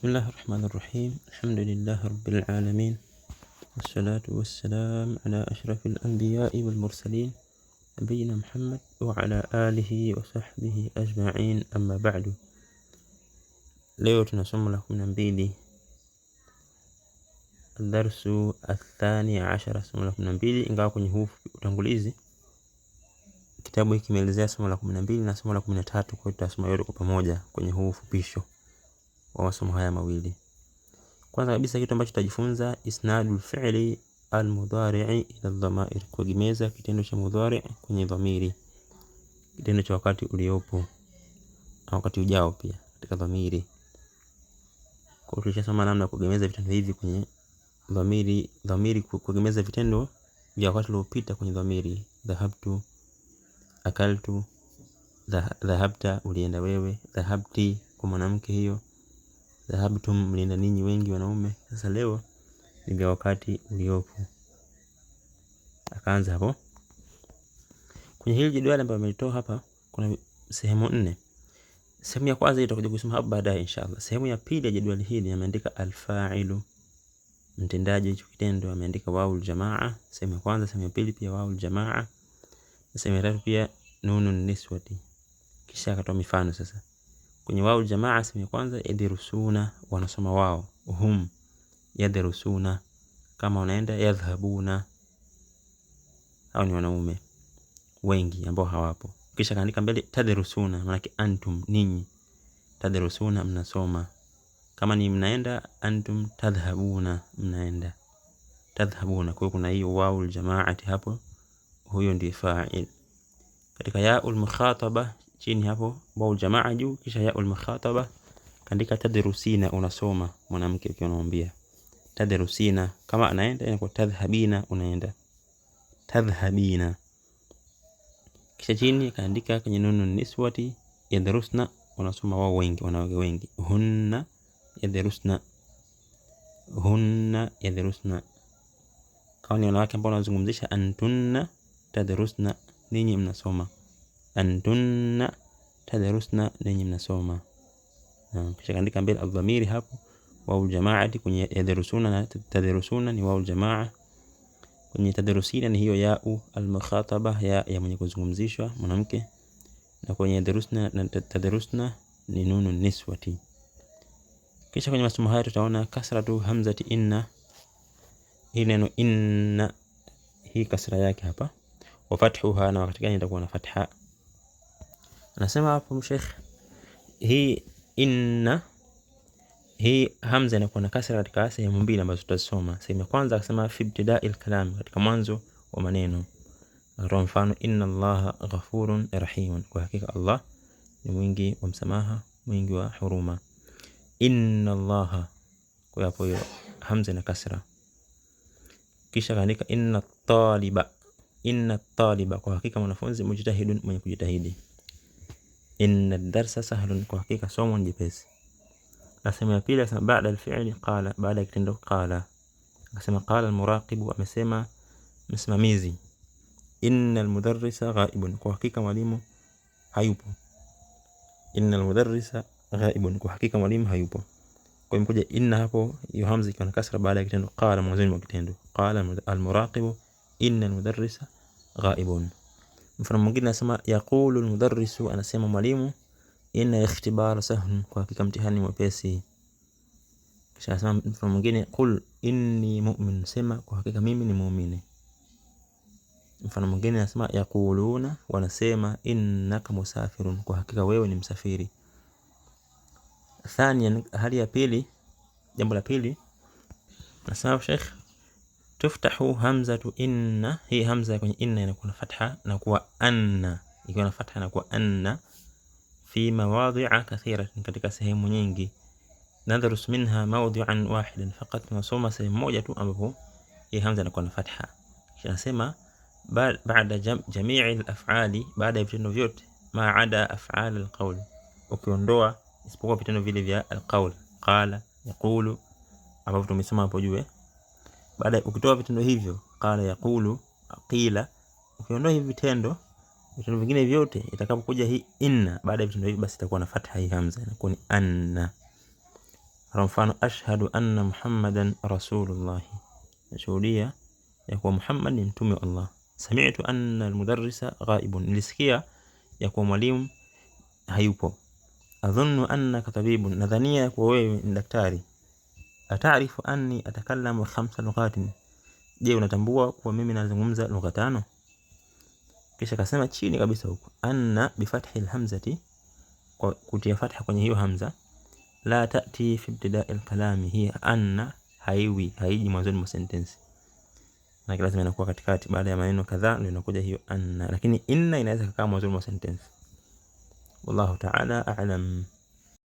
بسم الله الرحمن الرحيم الحمد لله رب العالمين والصلاة والسلام على أشرف الأنبياء والمرسلين نبينا محمد وعلى آله وصحبه أجمعين أما بعد ليوتنا سم لكم نبيلي الدرس الثاني عشر سم لكم نبيلي إن قاكم نهوف تنقليزي كتابه كميلزي سم لكم نبيلي نسم لكم نتاتو كتاسم يوركو بموجة كنهوف بيشو wa masomo haya mawili. Kwanza kabisa kitu ambacho tutajifunza isnadul fi'li almudhari'i ila dhamair, kuegemeza kitendo cha mudhari kwenye dhamiri, kitendo cha wakati uliopo au wakati ujao pia katika dhamiri. Kwa hiyo tulishasoma namna ya kuegemeza vitendo hivi kwenye dhamiri, dhamiri kuegemeza vitendo vya wakati uliopita kwenye dhamiri: dhahabtu, akaltu, dhahabta, ulienda wewe, dhahabti kwa mwanamke hiyo dhahabu tu mnaenda ninyi wengi wanaume, sasa leo ndio wakati uliopo. Akaanza hapo kwenye hili jedwali ambalo nimelitoa hapa, kuna sehemu nne. Sehemu ya kwanza itakuja kusoma hapo baadaye inshallah. Sehemu ya pili ya jedwali hili ameandika alfailu, mtendaji hicho kitendo, ameandika wawu jamaa. Sehemu ya kwanza, sehemu ya pili pia waul jamaa, sehemu ya tatu pia nunu niswati, kisha akatoa mifano sasa kwenye wao jamaa sehemu ya kwanza yadrusuna, wanasoma wao. Hum yadrusuna, kama wanaenda yadhhabuna, au ni wanaume wengi ambao hawapo. Kisha kaandika mbele tadrusuna, maanake antum, ninyi. Tadrusuna, mnasoma. Kama ni mnaenda, antum tadhhabuna, mnaenda. Tadhhabuna, kwa hiyo kuna hiyo wau ljamaati hapo, huyo ndiye fail. Katika ul mukhataba chini hapo bau jamaa juu, kisha ya makhataba, kaandika tadrusina, unasoma mwanamke ukiwa unamwambia tadrusina. Kama anaenda inakuwa tadhhabina, unaenda tadhhabina. Kisha chini kaandika kwenye nunu niswati yadrusna, unasoma wao wengi, wanawake wengi, hunna yadrusna, hunna yadrusna. Kama ni wanawake ambao wanazungumzisha antunna tadrusna, ninyi mnasoma antunna tadharusna, ninyi mnasoma. Kisha kaandika mbele adhamiri hapo wau ljamaati kwenye yadharusuna na tadharusuna ni wau jamaa Kwenye tadharusina ni hiyo yau almukhataba, ya ya mwenye kuzungumzishwa mwanamke, na kwenye yadharusna na ni nunu niswati. Kisha kwenye masomo haya tutaona kasratu hamzati inna, hii neno inna hii kasra yake hapa, wa fathuha, na wakati gani itakuwa na fatha Anasema hapo mshekh, hii inna hii hamza inakuwa na kasra katika sehemu mbili ambazo tutasoma. Sehemu ya kwanza akasema fi ibtidai al-kalam, katika mwanzo wa maneno. Kwa mfano inna allaha ghafurun rahimun, kwa hakika Allah ni mwingi wa msamaha mwingi wa huruma. Inna allaha, kwa hapo hiyo hamza na kasra. Kisha kaandika inna taliba, inna taliba, kwa hakika mwanafunzi mujtahidun, mwenye kujitahidi. إن الدرس سهل كحقيقة صوم جبس أسمى بيلا بعد الفعل قال بعد كتندو قال أسمى قال المراقب أمسمى مسمى ميزي إن المدرس غائب كحقيقة مليم هايوبو إن المدرس غائب كحقيقة مليم هايوبو كم كوجة إنها هابو يهمزي كان كسر بعد كتندو قال موزين وكتندو قال المراقب إن المدرس غائبون Mfano mwingine anasema yaqulu almudarrisu, anasema mwalimu, inna ikhtibara sahlun, kwa hakika mtihani mwepesi. Kisha anasema mfano mwingine qul inni mu'min, sema kwa hakika mimi ni muumini. Mfano mwingine anasema yaquluna, wanasema innaka musafirun, kwa hakika wewe ni msafiri. Thania, hali ya pili, jambo la pili, nasema Sheikh tuftahu hamzatu inna, hii hamza kwenye inna inakuwa na fatha na kuwa anna, ikiwa na fatha na kuwa anna, fi mawadhi'a kathira, katika sehemu nyingi. nadrus minha mawdhi'an wahidan faqat, tunasoma sehemu moja tu ambapo hii hamza inakuwa na fatha. Anasema baada jamii al-af'ali, baada ya vitendo vyote, ma ada af'al al-qawl, ukiondoa isipokuwa vitendo vile vya al-qawl, qala yaqulu, ambapo tumesema hapo juu baada ukitoa vitendo hivyo, qala yakulu qila, ukiondoa hivi vitendo vitendo vingine vyote, itakapokuja hii inna baada ya vitendo hivi, basi itakuwa na fatha hii hamza, inakuwa ni anna. Kwa mfano, ashhadu anna muhammadan rasulullah, nashuhudia ya kuwa Muhammad ni mtume wa Allah. Sami'tu anna almudarrisa ghaibun, nilisikia ya kuwa mwalimu hayupo. Adhunnu annaka tabibun, nadhania ya kuwa wewe ni daktari. Atarifu anni atakallamu khamsa lughatin, je unatambua kuwa mimi nazungumza lugha tano? Kisha kasema chini kabisa huko, anna bifathi lhamzati, kwa kutia fatha kwenye hiyo hamza. La tati fi ibtidai lkalami, hii anna haiwi haiji mwanzoni mwa sentensi, maanake lazima inakuwa katikati, baada ya maneno kadhaa ndio inakuja hiyo anna, lakini inna inaweza kukaa mwanzoni wa sentensi. Wallahu taala alam.